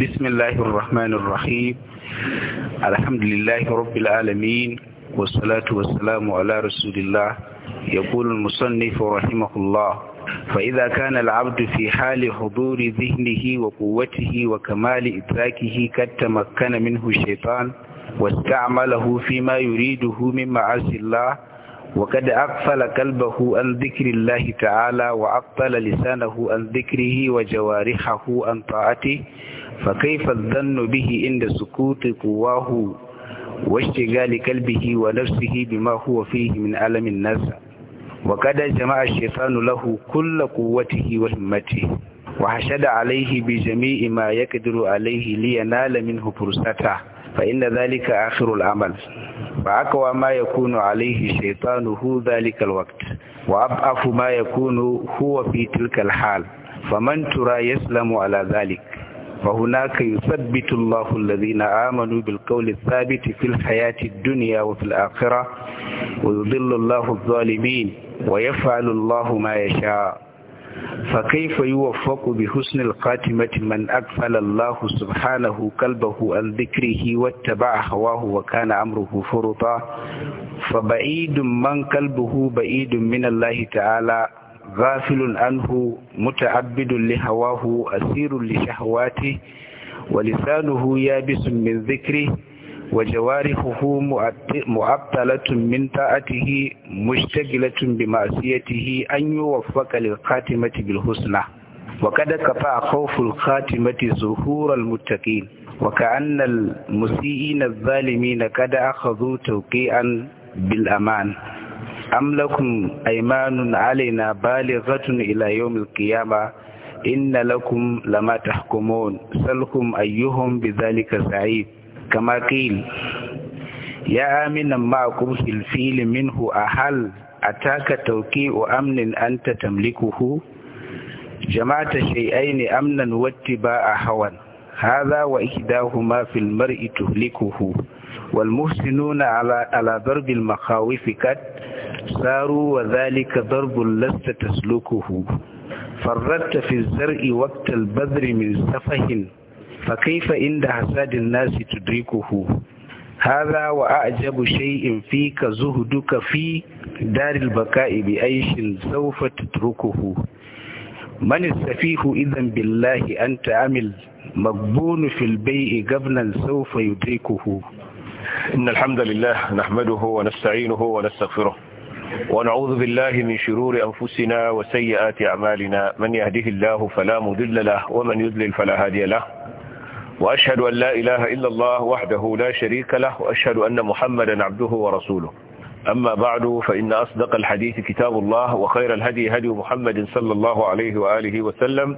بسم الله الرحمن الرحيم الحمد لله رب العالمين والصلاة والسلام على رسول الله يقول المصنف رحمه الله فإذا كان العبد في حال حضور ذهنه وقوته وكمال إدراكه قد تمكن منه الشيطان واستعمله فيما يريده من معاصي الله وقد أقفل قلبه عن ذكر الله تعالى وأقفل لسانه عن ذكره وجوارحه عن طاعته فكيف الظن به عند سكوت قواه واشتغال قلبه ونفسه بما هو فيه من ألم الناس وقد جمع الشيطان له كل قوته وهمته وحشد عليه بجميع ما يقدر عليه لينال منه فرصته فإن ذلك آخر العمل فأقوى ما يكون عليه الشيطان هو ذلك الوقت وأبعف ما يكون هو في تلك الحال فمن ترى يسلم على ذلك فهناك يثبت الله الذين آمنوا بالقول الثابت في الحياة الدنيا وفي الآخرة ويضل الله الظالمين ويفعل الله ما يشاء فكيف يوفق بحسن الخاتمة من أكفل الله سبحانه قلبه عن ذكره واتبع هواه وكان أمره فرطا فبعيد من قلبه بعيد من الله تعالى غافل عنه متعبد لهواه أسير لشهواته ولسانه يابس من ذكره وجوارحه معطلة من طاعته مشتغلة بمعصيته أن يوفق للخاتمة بالحسنى وقد قطع خوف الخاتمة ظهور المتقين وكأن المسيئين الظالمين قد أخذوا توقيعا بالأمان أم لكم أيمان علينا بالغة إلى يوم القيامة إن لكم لما تحكمون سلكم أيهم بذلك سعيد كما قيل يا آمنا معكم في الفيل منه أهل أتاك توكيء أمن أنت تملكه جمعت شيئين أمنا واتباع هوى هذا وإحداهما في المرء تهلكه والمحسنون على على ضرب المخاوف قد ساروا وذلك ضرب لست تسلكه فردت في الزرع وقت البذر من سفه فكيف عند حساد الناس تدركه هذا وأعجب شيء فيك زهدك في دار البكاء بأيش سوف تتركه من السفيه إذا بالله أنت عمل مقبول في البيع قبلا سوف يدركه إن الحمد لله نحمده ونستعينه ونستغفره ونعوذ بالله من شرور أنفسنا وسيئات أعمالنا من يهده الله فلا مذل له ومن يذلل فلا هادي له وأشهد أن لا إله إلا الله وحده لا شريك له وأشهد أن محمدا عبده ورسوله أما بعد فإن أصدق الحديث كتاب الله وخير الهدي هدي محمد صلى الله عليه وآله وسلم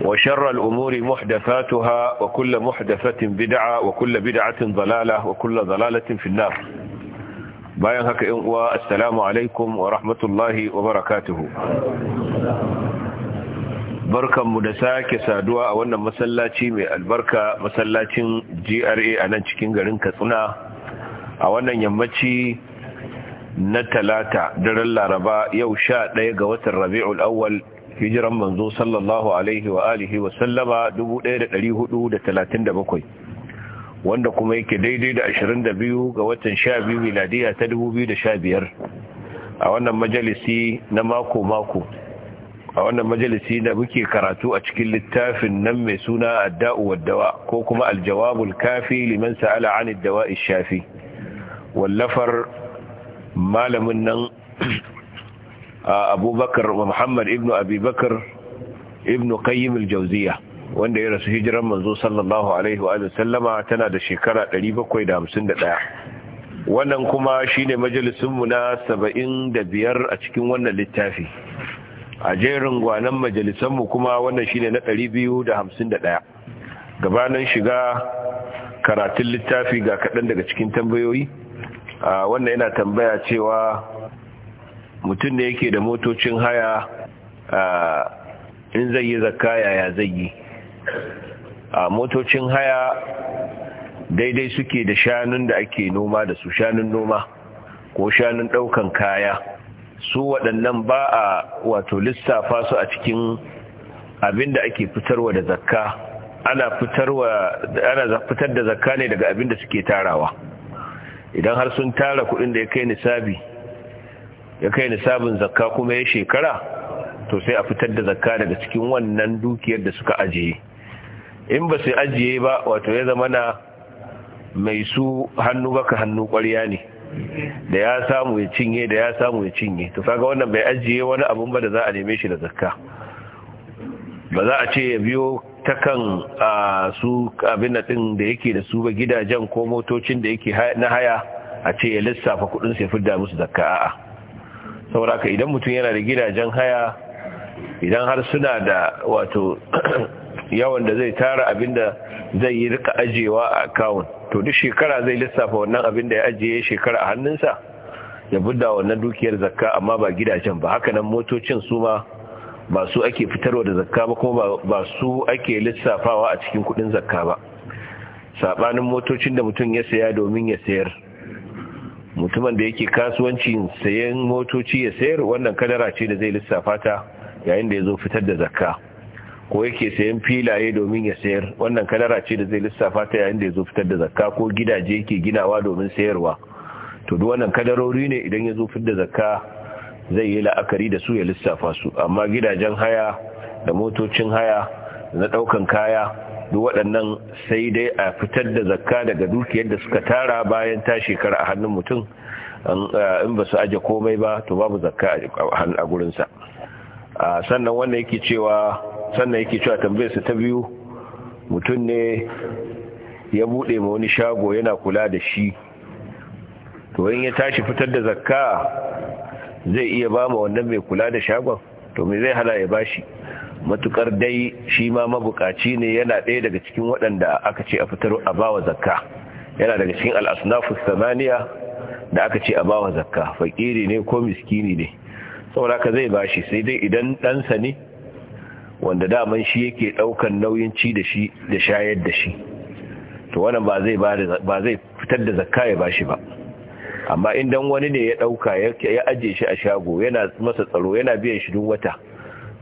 وشر الأمور محدثاتها وكل محدثة بدعة وكل بدعة ضلالة وكل ضلالة في النار bayan haka yan uwa assalamu alaikum wa rahmatullahi wa barakatuhu barkanmu da sake saduwa a wannan masallaci mai albarka masallacin GRA a nan cikin garin Katsina a wannan yammaci na talata daren laraba yau sha ɗaya ga watan rabi'ul awwal hijiran manzo sallallahu alaihi wa alihi wa sallama 1437 wanda kuma yake daidai da 22 ga watan 12 miladiya ta 2015 a wannan majalisi na mako-mako a wannan majalisi da muke karatu a cikin littafin nan mai suna adda'u waddawa ko kuma aljawabul kafi liman sa'ala anid dawa shafi wallafar malamin nan abubakar muhammad ibnu abubakar ibnu qayyim al-jawziyah wanda ya rasu hijiran manzo sallallahu alaihi wa sallama tana da shekara 751 wannan kuma shine majalisunmu na 75 a cikin wannan littafi a jerin gwanan majalisanmu kuma wannan shine na 251 gabanin shiga karatun littafi ga kaɗan daga cikin tambayoyi wannan yana tambaya cewa mutum da yake da motocin haya in zai yi zakka yaya zai yi a motocin haya daidai suke da shanun da ake noma da su shanun noma ko shanun daukan kaya su waɗannan ba a wato lissafa su a cikin abin da ake fitarwa da zakka ana fitar da zakka ne daga abin da suke tarawa idan har sun tara kudin da ya kai nisabi ya kai nisabin zakka kuma ya shekara to sai a fitar da zakka daga cikin wannan dukiyar da suka ajiye in ba su ajiye ba wato ya zama na mai su hannu baka hannu kwarya ne da ya samu ya cinye da ya samu ya cinye to kaga wannan bai ajiye wani abun ba da za a neme shi da zakka ba za a ce ya biyo ta kan su abin da din da yake da su ba gidajen ko motocin da yake na haya a ce ya lissafa kudin sai fidda musu zakka a'a saboda idan mutum yana da gidajen haya idan har suna da wato yawan da zai tara abinda zai yi rika ajiyewa a akawun to duk shekara zai lissafa wannan abinda ya ajiye shekara a hannunsa ya budda wannan dukiyar zakka amma ba gidajen ba haka nan motocin su ma ba su ake fitarwa da zakka ba kuma ba su ake lissafawa a cikin kudin zakka ba sabanin motocin da mutum ya saya domin ya sayar mutumin da yake kasuwanci sayan motoci ya sayar wannan kadara ce da zai lissafa ta yayin da ya zo fitar da zakka ko yake sayan filaye domin ya sayar wannan kadara ce da zai lissafa ta yayin da ya zo fitar da zakka ko gidaje yake ginawa domin sayarwa to duk wannan kadarori ne idan ya zo fitar da zakka zai yi la'akari da su ya lissafa su amma gidajen haya da motocin haya na daukan kaya duk waɗannan sai dai a fitar da zakka daga dukiyar da suka tara bayan ta shekara a hannun mutum in ba su aje komai ba to babu zakka a gurinsa sannan wannan yake cewa sannan yake cewa tambayarsa ta biyu mutum ne ya bude ma wani shago yana kula da shi to in ya tashi fitar da zakka zai iya ba ma wannan mai kula da shagon to me zai hala ya bashi matukar dai shi ma mabukaci ne yana ɗaya daga cikin waɗanda aka ce a fitar a bawa zakka yana daga cikin al'asnafu samaniya da aka ce a bawa zakka fakiri ne ko miskini ne saboda ka zai bashi sai dai idan ɗansa ne wanda daman shi yake daukan nauyin ci da shi da shayar da shi to wannan ba zai ba zai fitar da zakka ya bashi ba amma idan wani ne ya dauka ya aje shi a shago yana masa tsaro yana biyan shi duk wata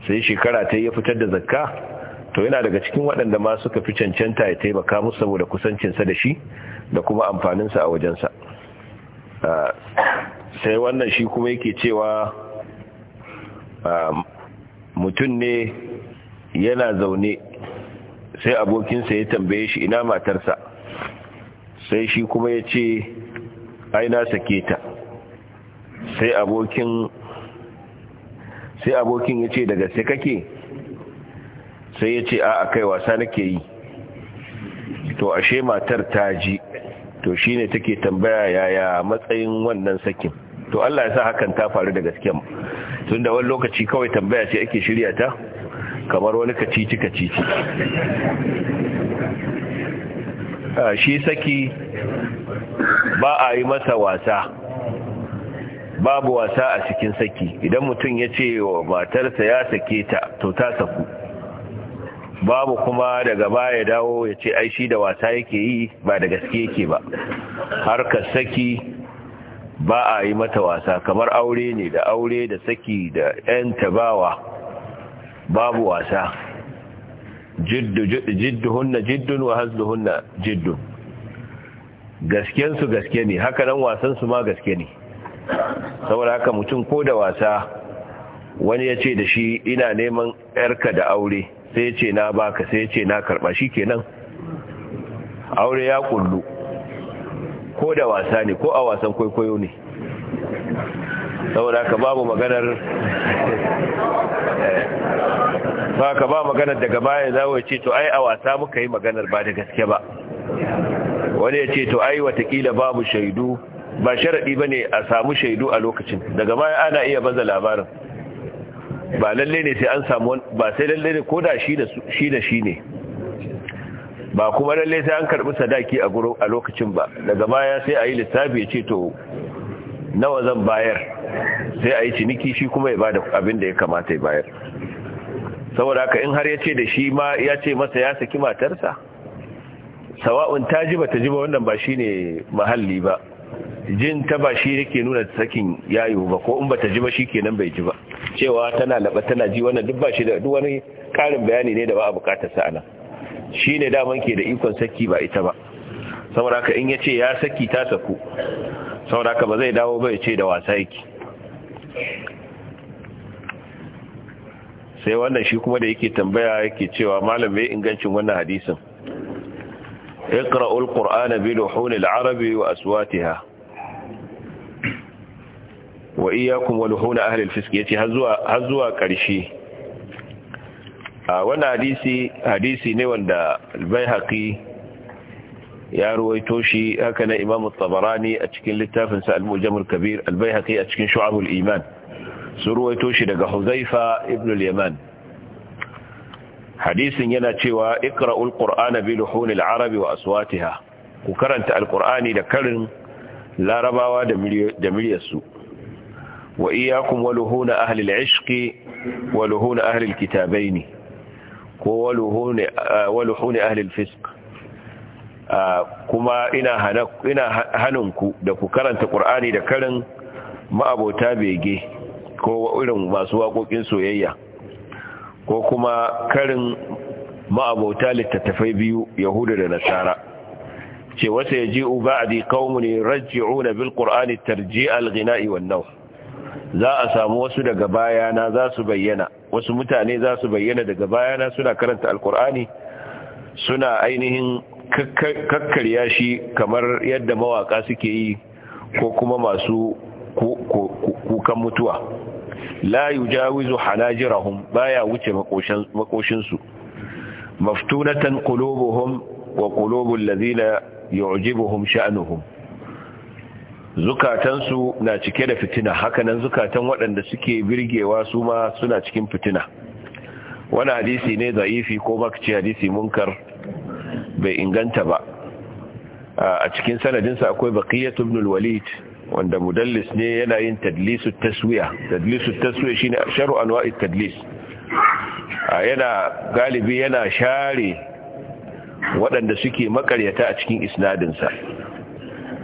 sai shekara ta ya fitar da zakka to yana daga cikin waɗanda ma suka fi cancanta ya taimaka musu saboda sa da shi da kuma amfanin sa a wajensa ah, sai wannan shi kuma yake cewa ah, mutum ne yana zaune sai abokinsa ya tambaye shi ina matarsa sai shi kuma ya ce aina sake ta sai abokin sai abokin ya ce daga sai kake sai ya ce a kai wasa nake yi to ashe matar ta ji to shine take tambaya yaya matsayin wannan sakin to Allah ya sa hakan ta faru da tun da wani lokaci kawai tambaya ce ake shirya ta kamar wani kacici kacici shi saki ba a yi masa wasa babu wasa a cikin saki idan mutum ya ce wa matarsa ya sake ta to ta saku babu kuma daga baya dawo ya ce ai shi da wasa yake yi ba da gaske yake ba harkar saki ba a yi mata wasa kamar aure ne da aure da saki da 'yan tabawa babu wasa jidduhunna jiddun wa Hunna jiddun gaskensu gaske ne haka nan wasansu ma gaske ne saboda haka mutum ko da wasa wani ya ce da shi ina neman yarka da aure sai ce na baka sai ce na karba shi kenan aure ya kullu ko da wasa ne ko a wasan kwaikwayo ne saboda ka babu maganar ba eh, ka ba maganar daga baya za ce to ai a wasa muka yi maganar ba da gaske ba wani ya ce to ai watakila babu shaidu ba sharaɗi ba ne a samu shaidu a lokacin daga baya ana iya baza labarin ba lalle ne sai an samu ba sai lalle ne ko da shi da shi ne ba kuma lalle sai an karɓi sadaki a lokacin ba daga baya sai a yi lissafi ya ce to nawa zan bayar sai a yi ciniki shi kuma ya ba da abin da ya kamata ya bayar saboda haka in har ya ce da shi ma ya ce masa ya saki matarsa sawa'un ta ji ba ta ji ba wannan ba shi ne mahalli ba jin ta ba shi yake nuna sakin yayo ba ko in ba ta ji ba shi kenan bai ji ba cewa tana laba tana ji wannan duk ba shi da duk wani karin bayani ne da ba a bukatar sa ana shine daman ke da ikon saki ba ita ba saboda haka in yace ya saki ta saku saboda haka ba zai dawo ba ce da wasa yake sai wannan shi kuma da yake tambaya yake cewa malam mai ingancin wannan hadisin iqra'ul qur'ana bi luhunil arabi wa aswatiha wa iyyakum wa luhun ahli alfisq yace har zuwa har zuwa karshe a wannan hadisi hadisi ne wanda albayhaqi ya ruwaito shi haka na imam tabarani a cikin littafinsa al-mujamul kabir al a cikin shu'abul iman su ruwaito shi daga huzaifa ibn al-yaman hadisin yana cewa iqra'ul qur'ana bi luhunil arabi wa aswatiha ku karanta al-qur'ani da karin larabawa da miliyarsu wa iyakum wa luhuna ahli al-ishqi wa luhuna ahli al-kitabaini ko wa luhuna ahli al-fisq Ah, kuma ina hannunku da ku karanta ƙur'ani da karin ma'abota bege ko irin masu waƙoƙin soyayya ko kuma karin ma'abota littattafai biyu yahuda da nasara ce wata ya ji uba a dikawun ne raji'u na bil tarji alghina'i wannan za a samu wasu daga bayana za su bayyana wasu mutane za su bayyana daga bayana suna karanta alkur'ani suna ainihin kakkarya shi kamar yadda mawaka suke yi ko kuma masu kukan mutuwa la yujawizu hanajirahun baya wuce makoshinsu maftunatan qulubuhum wa kulobun qulubul ladina yu'jibuhum sha'anuhun zukatansu na cike da fitina hakanan zukatan waɗanda suke birgewa su ma suna cikin fitina wani hadisi ne za'ifi ko makaci hadisi munkar bai inganta ba a cikin sanadinsa akwai baqiyatu ibn al-walid wanda mudallis ne yana yin tadlisu taswiya tadlisu taswiya shine sharu anwa'i tadlis yana galibi yana share waɗanda suke makaryata a cikin isnadinsa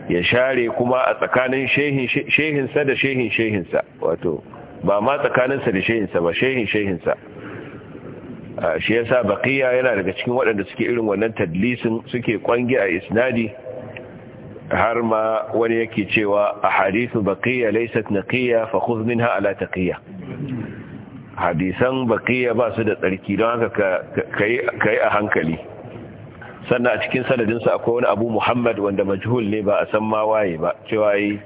ya share kuma a tsakanin shehinsa da shehin shehinsa wato ba ma tsakaninsa da shehinsa ba shehin shehinsa shi yasa baqiya yana daga cikin waɗanda suke irin wannan tadlisin suke kwangi a isnadi har ma wani yake cewa a ahadithu baqiya laysat naqiya fa khudh minha ala taqiya hadisan baqiya ba su da tsarki don haka kai a hankali sannan a cikin sanadinsa akwai wani abu muhammad wanda majhul ne ba a san ma waye ba cewa yi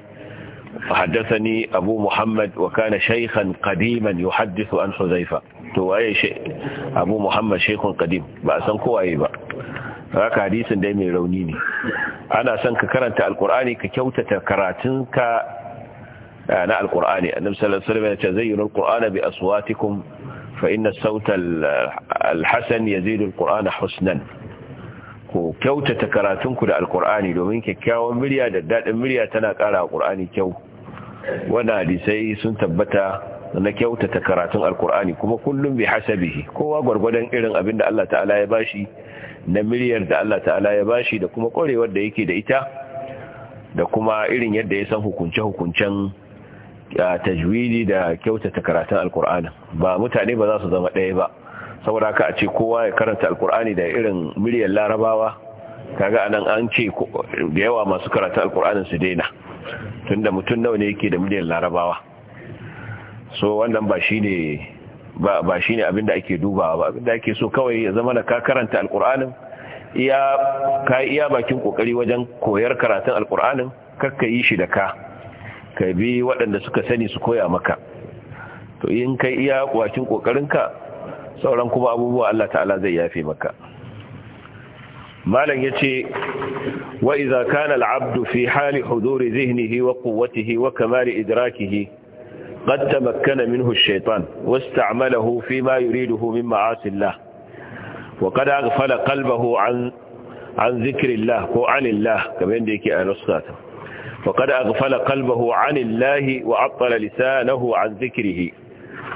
حدثني أبو محمد وكان شيخا قديما يحدث عن حذيفة تو أي شيء أبو محمد شيخ قديم بأسان كو أي بقى haka hadisin dai mai rauni ne ana son ka karanta alkur'ani ka kyautata karatunka na alkur'ani annabi sallallahu alaihi wasallam ya ce zayyinu alqur'ana bi aswatikum fa inna as-sawta al husnan kyautata karatunku da alkur'ani domin kyakkyawan murya da daɗin murya tana ƙara alkur'ani kyau wani hadisai sun tabbata na kyautata karatun alkur'ani kuma kullum bi hasabihi kowa gwargwadon irin abin da Allah ta'ala ya bashi na miliyar da Allah ta'ala ya bashi da kuma ƙwarewar da yake da ita da kuma irin yadda ya san hukunce-hukuncen tajwidi da kyautata karatun alkur'ani ba mutane ba za su zama ɗaya ba saboda ka a ce kowa ya karanta alkur'ani da irin miryar larabawa kaga anan an ce da yawa masu karatu alkur'anin su daina tunda mutum nawa ne yake da miliyan larabawa so wannan ba shine ba ba shine da ake dubawa ba Abin da ake so kawai ya zama da ka karanta alkur'anin iya ka iya bakin kokari wajen koyar karatun alkur'anin karka yi shi da ka ka bi waɗanda suka sani su koya maka to in kai iya bakin ka sauran kuma abubuwa Allah ta'ala zai yafe maka malam yace wa idza kana al-'abdu fi hali huduri zihnihi wa quwwatihi wa kamali idrakihi قد تمكن منه الشيطان واستعمله فيما يريده من معاصي الله وقد أغفل قلبه عن عن ذكر الله وعن الله كما عندك أنصات وقد أغفل قلبه عن الله وعطل لسانه عن ذكره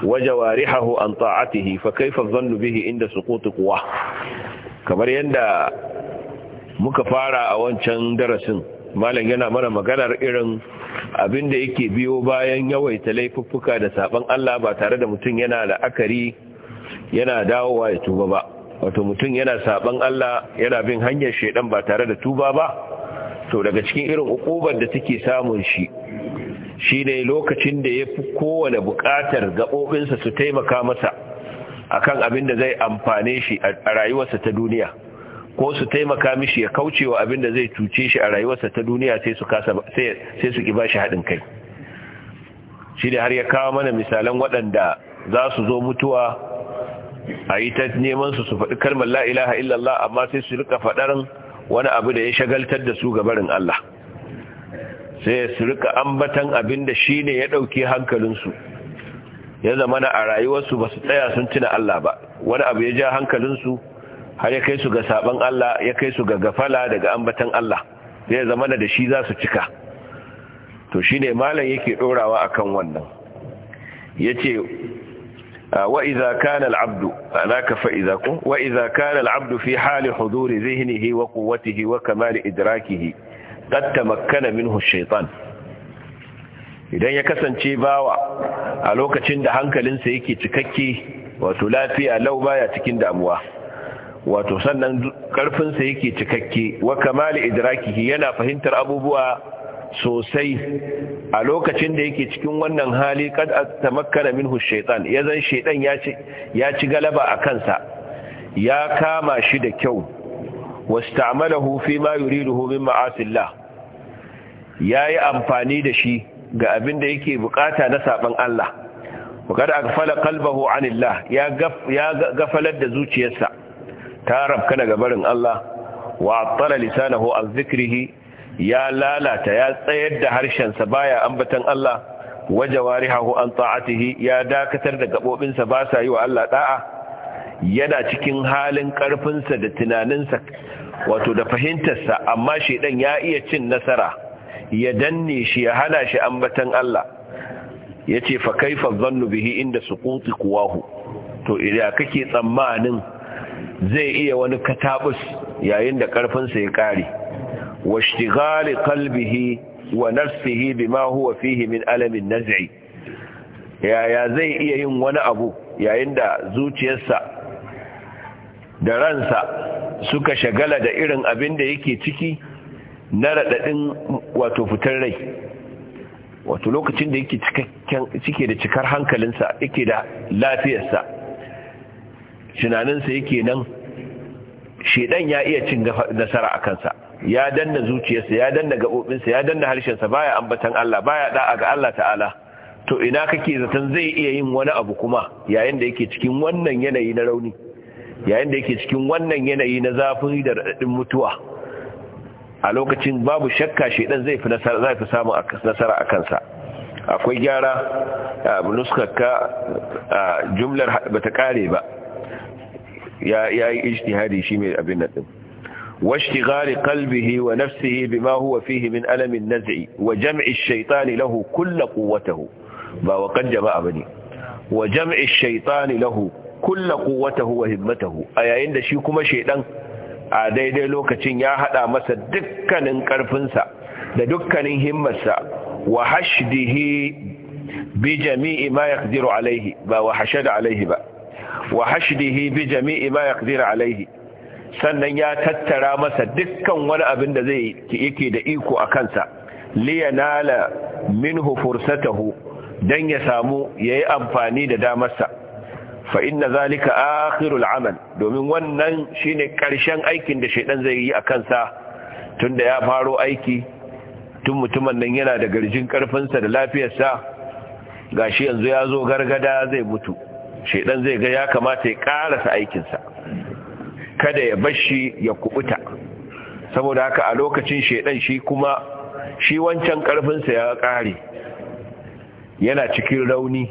وجوارحه عن طاعته فكيف الظن به عند سقوط قواه كما يندى muka fara a wancan darasin malam yana mana maganar irin abin da yake biyo bayan yawaita laifuffuka da saban Allah ba tare da mutum yana la'akari yana dawowa ya tuba ba wato mutum yana saban Allah yana bin hanyar shedan ba tare da tuba ba to daga cikin irin ukubar da take samun shi shine lokacin da ya fi kowane bukatar gaɓoɓinsa su taimaka masa akan abin da zai amfane shi a rayuwarsa ta duniya ko su taimaka mishi ya kauce wa abin da zai cuce shi a rayuwarsa ta duniya sai su kasa sai su ki bashi haɗin kai shi da har ya kawo mana misalan waɗanda za su zo mutuwa a yi ta neman su su faɗi kalmar la ilaha illallah amma sai su rika faɗar wani abu da ya shagaltar da su ga barin Allah sai su rika ambatan abin da shi ne ya ɗauki hankalinsu ya zama na a rayuwarsu ba su tsaya sun tuna Allah ba wani abu ya ja hankalinsu har ya kai su ga saban Allah ya kai su ga gafala daga ambatan Allah ya zama da shi za su cika to shine malam yake dorawa akan wannan yace wa idza kana al’abdu abdu anaka fa idza kun wa idza kana fi hali huduri zihnihi wa quwwatihi wa kamar idrakihi ɗatta makana, min hushaitan idan ya kasance bawa a lokacin da hankalinsa yake cikakke wato lafiya lau baya cikin damuwa wato sannan karfinsa yake cikakke wa kamali idrakihi yana fahimtar abubuwa sosai a lokacin da yake cikin wannan hali kad tamakkana minhu shaytan ya zan shaytan ya ci ya ci galaba a kansa ya kama shi da kyau wasta'malahu fi ma yuriduhu min ma'asillah yayi amfani da shi ga abin da yake bukata na saban Allah wa kad aghfala qalbahu anillah ya gafalar da zuciyarsa ta rabka daga barin Allah wa attala lisanahu an zikirihi ya lalata ya tsayar da harshensa baya ambatan Allah wa jawarihahu an tsa'atihi ya dakatar da gaɓoɓinsa ba sa yi wa Allah ɗa'a? yana cikin halin karfinsa da tunaninsa wato da fahimtarsa amma shedan ya iya cin nasara ya danne shi ya hana shi ambatan Allah ce fa kaifa zannu bihi inda su quwahu to idan kake tsammanin zai iya wani katabus yayin da karfinsa ya kare wa ishtighali qalbihi wa nafsihi bima huwa fihi min alamin naz'i yaya zai iya yin wani abu yayin da zuciyarsa da ransa suka shagala da irin abin da yake ciki na radadin wato fitar rai wato lokacin da yake cike da cikar hankalinsa yake da lafiyarsa tunaninsa yake nan shedan ya iya cin nasara a kansa ya danna zuciyarsa ya danna gaɓoɓinsa ya danna harshensa baya ambatan Allah baya da'a ga Allah ta'ala to ina kake zaton zai iya yin wani abu kuma yayin da yake cikin wannan yanayi na rauni yayin da yake cikin wannan yanayi na zafin da raɗaɗin mutuwa a lokacin babu shakka shedan zai fi zai fi samun nasara a kansa akwai gyara nuskar ka jumlar bata kare ba ya yi ijtihadi shi mai abin na ɗin washi gari kalbihi wa nafsihi bima huwa fihi min alamin nazi wa jami'in shaitani lahu kuwatahu ba wa kan ba ne wa jami'in shaitani lahu kuwatahu wa himmatahu a yayin da shi kuma shaidan a daidai lokacin ya haɗa masa dukkanin ƙarfinsa da dukkanin himmarsa wa hashdihi bi jami'i ma yaqdiru alaihi ba wa hashada alaihi ba wa hashdihi bi jami'i ma yaqdir alaihi sannan ya tattara masa dukkan wani abin da zai yake da iko a kansa liyanala minhu fursatahu dan ya samu yayi amfani da damarsa fa inna zalika akhirul amal domin wannan shine karshen aikin da shedan zai yi a kansa tunda ya faro aiki tun mutumin nan yana da garjin karfinsa da lafiyarsa gashi yanzu ya zo gargada zai mutu shedan zai ga ya kamata ya karasa aikinsa kada ya bashi ya kubuta saboda haka a lokacin shedan shi kuma shi wancan karfinsa ya kare yana cikin rauni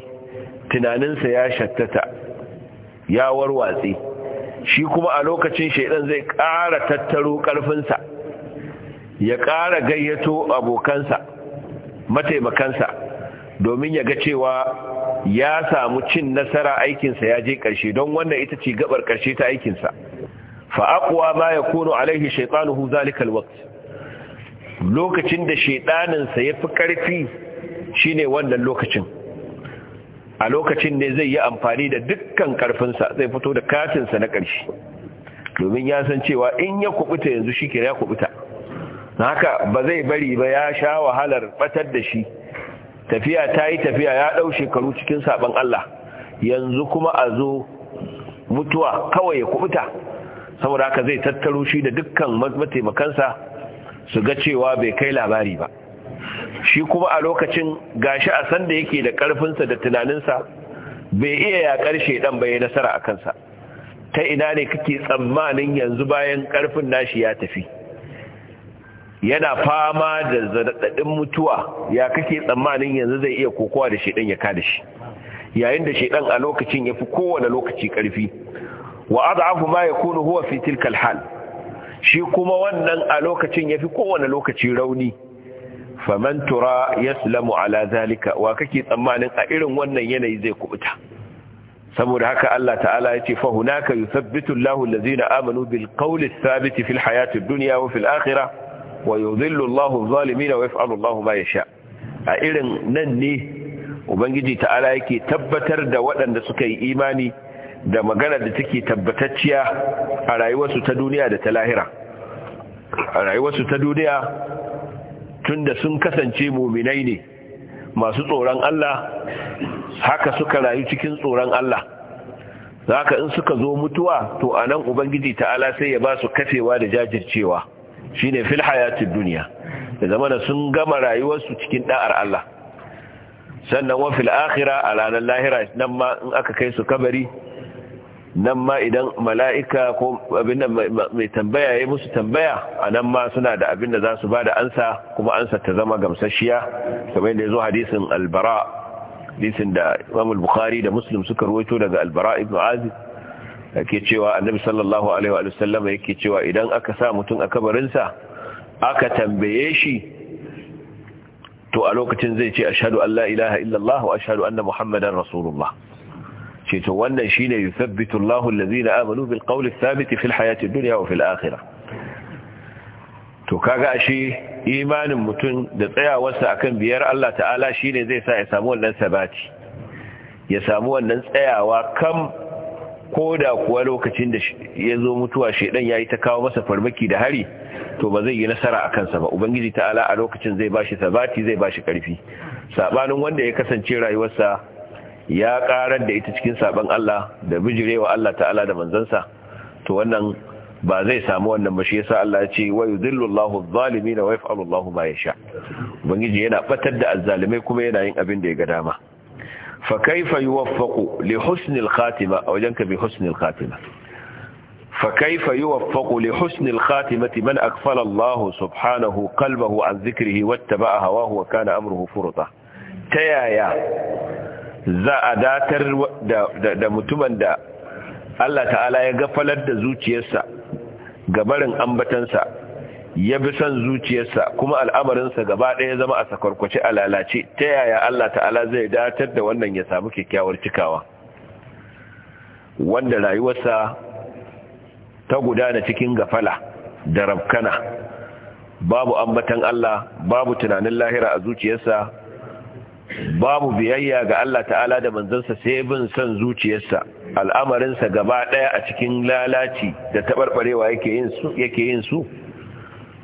tunaninsa ya shattata ya warwatsi. shi kuma a lokacin shedan zai kara tattaro karfinsa ya kara gayyato abokansa mataimakansa domin ya ga cewa ya samu cin nasara aikinsa ya je ƙarshe don wannan ita ce gabar ƙarshe ta aikinsa fa'aƙuwa ma ya kono alaihi hu, zalikal waqt lokacin da shaiɗaninsa ya fi ƙarfi shi ne wannan lokacin a lokacin ne zai yi amfani da dukkan ƙarfinsa zai fito da katinsa na ƙarshe domin ya san cewa in ya kubuta yanzu shi ya kubuta na haka ba zai bari ba ya sha wahalar batar da shi tafiya ta yi tafiya ya ɗau shekaru cikin saɓon Allah yanzu kuma a zo mutuwa kawai ya kubuta saboda haka zai tattaro shi da dukkan mataimakansa su ga cewa bai kai labari ba shi kuma a lokacin gashi a sanda yake da ƙarfinsa da tunaninsa bai iya yaƙar shaidan bai nasara a kansa ta ina ne kake tsammanin yanzu bayan ƙarfin nashi ya tafi yana fama da zaɗaɗɗin mutuwa ya kake tsammanin yanzu zai iya kokowa da shaidan ya kada shi yayin da shaidan a lokacin ya fi kowane lokaci ƙarfi wa azafu ma yakunu huwa fi tilkal hal shi kuma wannan a lokacin ya fi kowane lokaci rauni faman tura yaslamu ala zalika wa kake tsammanin a irin wannan yanayi zai kubuta saboda haka Allah ta'ala ya ce fa hunaka yuthabbitu Allahu allazina amanu bil qawli thabiti fil hayati dunya wa fil akhirah wa yuzillu Allahu zalimin wa yaf'alu Allahu ma yasha a irin nan ne ubangiji ta'ala yake tabbatar da waɗanda suka yi imani da magana da take tabbatacciya a rayuwarsu ta duniya da ta lahira a rayuwarsu ta duniya tunda sun kasance muminai ne masu tsoron Allah haka suka rayu cikin tsoron Allah haka in suka zo mutuwa to anan ubangiji ta'ala sai ya ba su kafewa da jajircewa shine fil hayatid dunya da zamana sun gama rayuwarsu cikin da'ar Allah sannan wa fil a ranar lahira nan ma in aka kai su kabari nan ma idan mala'ika ko abin da mai tambaya ya musu tambaya a nan ma suna da abin da za su ba da ansa kuma ansa ta zama gamsashiya kamar yadda ya zo hadisin albara hadisin da imam bukhari da muslim suka ruwaito daga albara ibn azib Ake cewa annabi sallallahu alaihi wa sallama yake cewa idan aka sa mutum a kabarinsa aka tambaye shi to a lokacin zai ce ashhadu an la ilaha illallah wa ashhadu anna muhammadan rasulullah ce to wannan shine yuthabbitu Allahu allazina amanu bil qawli thabit fil hayati dunya wa fil akhirah to kaga ashe imanin mutum da tsayawarsa akan biyar Allah ta'ala shine zai sa ya samu wannan sabati ya samu wannan tsayawa kam ko da kuwa lokacin da ya zo mutuwa shedan ya yi ta kawo masa farmaki da hari to ba zai yi nasara a kansa ba ubangiji ta'ala a lokacin zai bashi sabati zai bashi karfi sabanin wanda ya kasance rayuwarsa ya karar da ita cikin saban Allah da bijirewa Allah ta'ala da manzansa to wannan ba zai samu wannan ba shi yasa Allah ya ce wa yudhillu Allahu adh-dhalimin wa yaf'alu Allahu ma yasha ubangiji yana batar da azzalimai kuma yana yin abin da ya ga dama fa kaifa yuwaffaqu li husni al-khatima aw janka bi husni al-khatima fa kaifa yuwaffaqu li husni al-khatimati man akfala Allah subhanahu qalbahu an dhikrihi wattaba'a hawahu wa kana amruhu ta yaya za a datar da mutumin da Allah ta'ala ya gafalar da zuciyarsa gabarin ambatansa ya bi son zuciyarsa kuma al'amarinsa gaba ɗaya zama a sakwarkwace a lalace ta yaya Allah ta'ala zai datar da wannan ya samu kyakkyawar cikawa wanda rayuwarsa ta gudana cikin gafala da rabkana babu ambatan Allah babu tunanin lahira a zuciyarsa babu biyayya ga Allah ta'ala da manzansa sai bin son zuciyarsa al'amarinsa gaba ɗaya a cikin lalaci da taɓarɓarewa yake yin su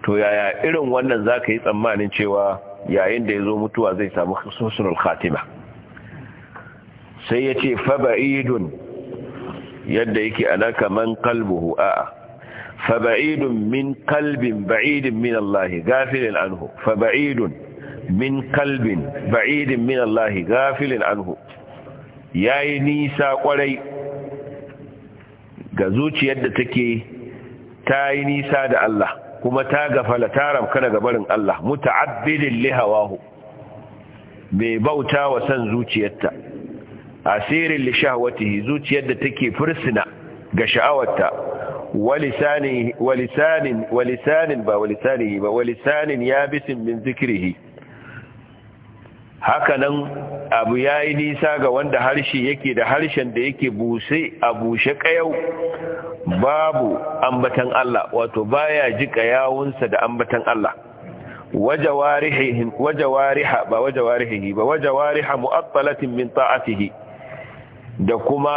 to yaya irin wannan za ka yi tsammanin cewa yayin da ya zo mutuwa zai samu husnul khatima sai ya ce faba'idun yadda yake alaka man kalbuhu a'a faba'idun min kalbin ba'idin min Allah gafilin anhu faba'idun min kalbin ba'idin min Allah gafilin anhu Ya yi nisa kwarai ga zuciyar da take ta yi nisa da Allah kuma ta gafala ta ramka daga barin Allah muta'abbidin lihawahu mai bauta wa san zuciyarta asirin li shahwatihi zuciyar da take fursuna ga sha'awarta walisanin walisanin walisanin ba walisanin ba walisanin yabisin min zikrihi hakanan abu ya yi nisa ga wanda harshe yake da harshen da yake buse a bushe kayau babu ambatan Allah wato baya ji kayawunsa da ambatan Allah wajawariha ba wajawarihi ba wajawariha mu'attalatin min ta'atihi da kuma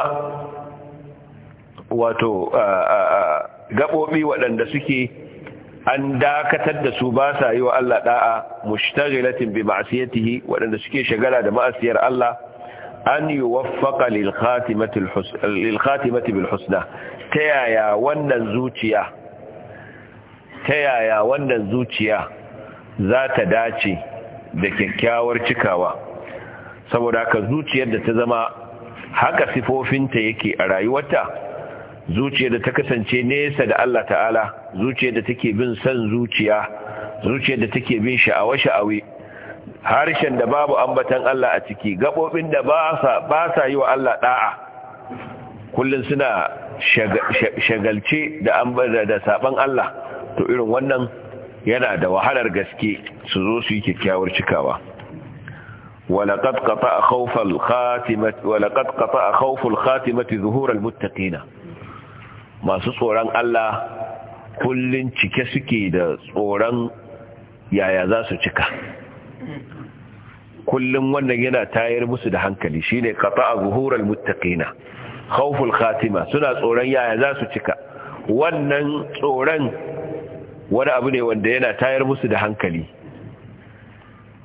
wato gaɓoɓi waɗanda suke an dakatar da su ba sa yi wa Allah da'a mushtaghilatin bi ma'siyatihi wadanda suke shagala da ma'asiyar Allah an yuwaffaqa lil khatimati lil khatimati bil husna tayaya wannan zuciya tayaya wannan zuciya za ta dace da kyakkyawar cikawa saboda ka zuciyar da ta zama haka sifofinta yake a rayuwarta zuciyar da ta kasance nesa da Allah ta'ala zuciyar da take bin san zuciya zuciyar da take bin sha'awa-sha'awi harshen da babu ambatan Allah a ciki gaɓoɓin da ba sa yi wa Allah ɗa'a kullum suna shagalce da da saɓan Allah to irin wannan yana da wahalar gaske su zo su yi kyakkyawar cikawa ولقد قطع خوف khatimati ولقد قطع خوف الخاتمة ظهور المتقين masu tsoron Allah kullum cike suke da tsoron yaya za su cika kullum wannan yana tayar musu da hankali shine qata'a guhurar muttaqina khawful khatima suna tsoron yaya za su cika wannan tsoron wani abu ne wanda yana tayar musu da hankali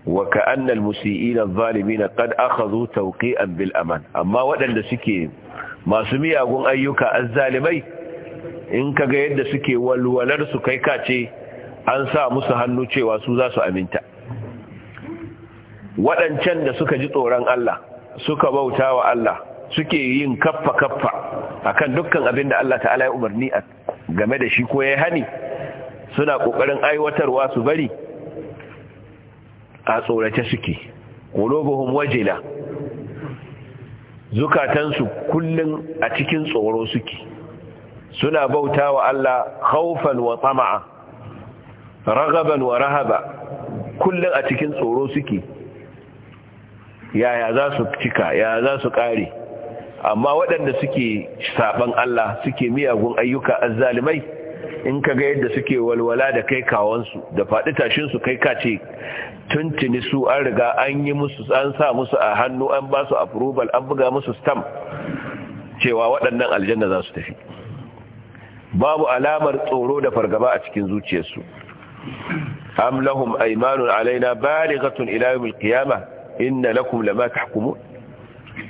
wa ka'anna al-musii'ina adh-dhalimina qad akhadhu tawqi'an bil aman amma waɗanda suke masu miyagun ayyuka az-zalimai in ka ga yadda suke walwalar su kai kace an sa musu hannu cewa su za su aminta waɗancan da suka ji tsoron Allah suka bauta wa Allah suke yin kaffa kaffa akan dukkan abin da Allah ta'ala ya umarni a game da shi ko ya hani suna ƙoƙarin aiwatarwa su bari a tsorace suke waje wajila zukatansu kullum a cikin tsoro suke suna bauta wa Allah khawfan wa tama'a ragaban wa rahaba kullum a cikin tsoro suke yaya za su cika yaya za su kare amma waɗanda suke saban Allah suke miyagun ayyuka azzalimai in kaga yadda suke walwala da kai kawansu da faɗi tashinsu kai kace tuntuni su an riga an yi musu an sa musu a hannu an ba su approval an buga musu stamp cewa waɗannan aljanna za su tafi babu alamar tsoro da fargaba a cikin zuciyarsu am lahum aymanun alaina balighatun ila yawmil qiyamah inna lakum lama tahkumu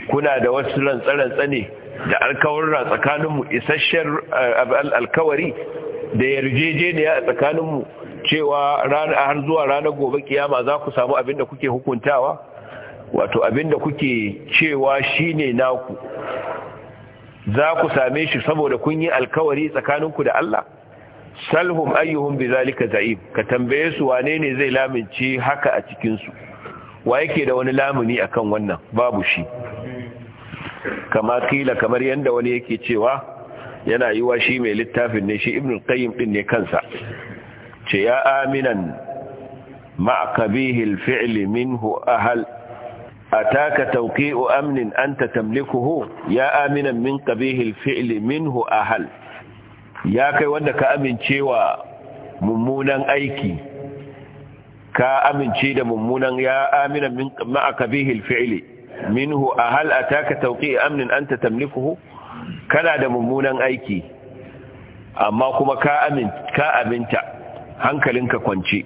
kuna da wasu rantsarantsa ne da alkawarin tsakaninmu isasshen alkawari da yarjejeniya a tsakaninmu cewa har zuwa ranar gobe kiyama za ku samu abinda kuke hukuntawa wato abinda kuke cewa shine naku za ku same shi saboda kun yi alkawari tsakaninku da Allah salhum ayyuhum bizalika za'ib ka tambaye su wane ne zai lamunci haka a cikin su wa yake da wani lamuni akan wannan babu shi kama kila kamar yanda wani yake cewa yana yiwa shi mai littafin ne shi ibnu qayyim din ne kansa ce ya aminan ma'a al-fi'li minhu ahal أتاك توقيء أمن أنت تملكه يا آمنا من قبيه الفعل منه أهل يا كي ودك أمن شيوى ممونا أيكي كا أمن شيدا ممونا يا آمنا من مع قبيه الفعل منه أهل أتاك توقيء أمن أنت تملكه كلا دا ممونا أيكي أما كما كا أمن كا أمن تا هنك لنك كونشي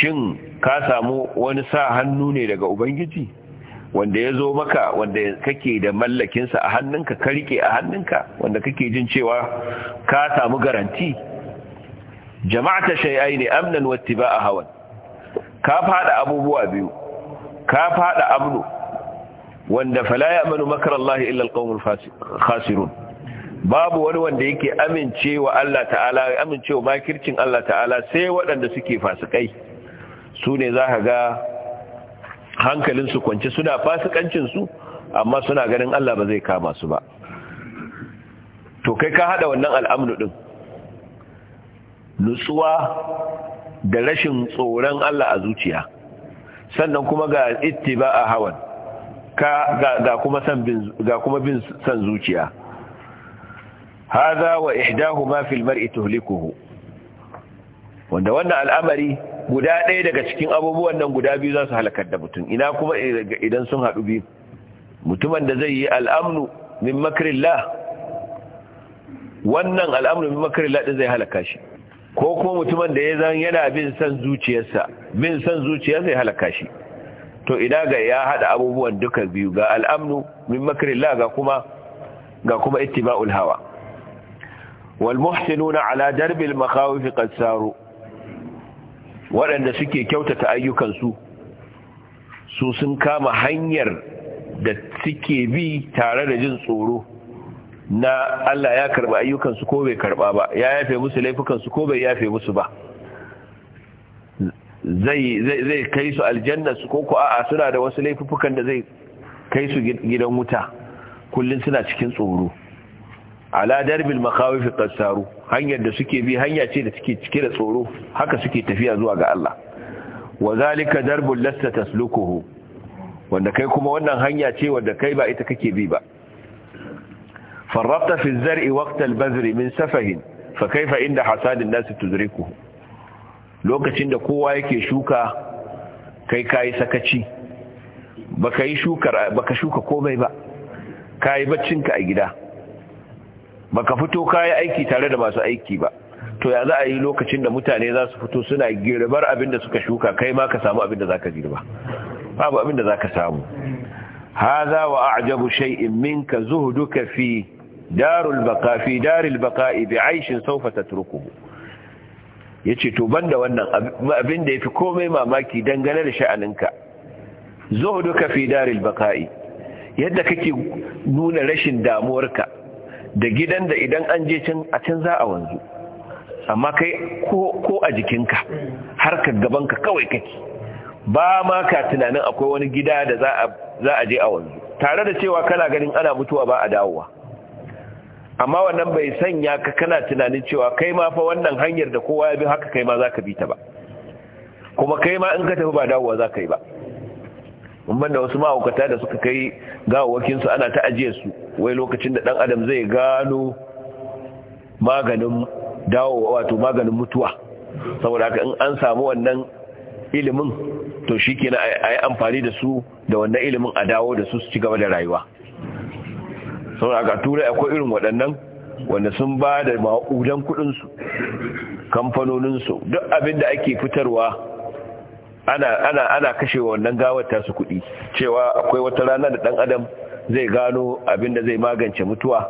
shin ka samu wani sa hannu ne daga ubangiji wanda ya zo maka wanda kake da mallakinsa a hannunka ka rike a hannunka wanda kake jin cewa ka samu garanti jama'ata shay'ai ne amnan a hawan ka fada abubuwa biyu ka fada amnu wanda fala ya'manu makar Allah illa alqawmul khasirun babu wani wanda yake amincewa Allah ta'ala amincewa makircin Allah ta'ala sai waɗanda suke fasikai su ne za ga hankalinsu kwanci suna fasikancinsu amma suna ganin Allah ba zai kama su ba to kai ka hada wannan al'amnu din nutsuwa da rashin tsoron Allah a zuciya sannan kuma ga ittiba a hawan ka ga kuma bin ga san zuciya Haza wa ma fil mar'i tuhlikuhu wanda wannan al'amari guda ɗaya daga cikin abubuwan nan guda biyu za su halakar da mutum ina kuma idan sun haɗu biyu mutumin da zai yi al'amnu min makarilla, wannan al'amnu min makarilla ɗin zai halaka shi ko kuma mutumin da ya zan yana bin san zuciyarsa bin san zuciyarsa ya halaka shi to ina ga ya haɗa abubuwan duka biyu ga al'amnu min makarilla ga kuma ga kuma ittiba'ul hawa wal muhsinuna ala darbil makhawif qad saru waɗanda suke kyautata ayyukansu su sun kama hanyar da suke bi tare da jin tsoro na Allah ya karba ayyukansu ko bai karba ba ya yafe musu laifukansu ko bai yafe musu ba zai kai su aljannarsu ko ku a'a suna da wasu laifukan da zai kai su gidan wuta kullum suna cikin tsoro ala darbil makawif qassaru hanyar da suke bi hanya ce da suke cike da tsoro haka suke tafiya zuwa ga Allah wa zalika darbul lasta taslukuhu wanda kai kuma wannan hanya ce wanda kai ba ita kake bi ba farrafta fi zar'i waqta bazri min safahin fa kaifa inda hasadin nas tuzrikuhu lokacin da kowa yake shuka kai kai sakaci baka yi shukar baka shuka komai ba kai ka a gida baka fito kayi aiki tare da masu aiki ba to ya za a yi lokacin da mutane za su fito suna girbar abin da suka shuka kai ma ka samu abin da ka girba babu abin da zaka samu hadha wa a'jabu shay'in minka zuhduka fi darul baqa fi daril baqa'i bi'aishin sawfa tatrukuhu yace to banda wannan abin da yafi komai mamaki dangane da sha'aninka zuhduka fi daril baqa'i yadda kake nuna rashin damuwarka da gidan da idan an je can a can za a wanzu amma kai ko a jikinka har gaban gabanka kawai kake ba ma ka tunanin akwai wani gida da za a je a wanzu tare da cewa kana ganin ana mutuwa ba a dawowa amma wannan bai sanya ka kana tunanin cewa kai ma fa wannan hanyar da kowa ya bi haka kai ma za ka bi ta ba kuma kai ma in ka tafi ba dawowa za ka yi ba in banda wasu ma'aukata da suka kai gawawakinsu ana ta ajiye su wai lokacin da dan adam zai gano maganin dawowa wato maganin mutuwa saboda haka in an samu wannan ilimin to shi kenan a yi amfani da su da wannan ilimin a dawo da su su ci gaba da rayuwa saboda haka turai akwai irin waɗannan wanda sun ba da ma'udan kuɗinsu kamfanoninsu duk abin da ake fitarwa ana ana wannan gawar tasu su kuɗi cewa akwai wata rana da dan adam zai gano abin da zai magance mutuwa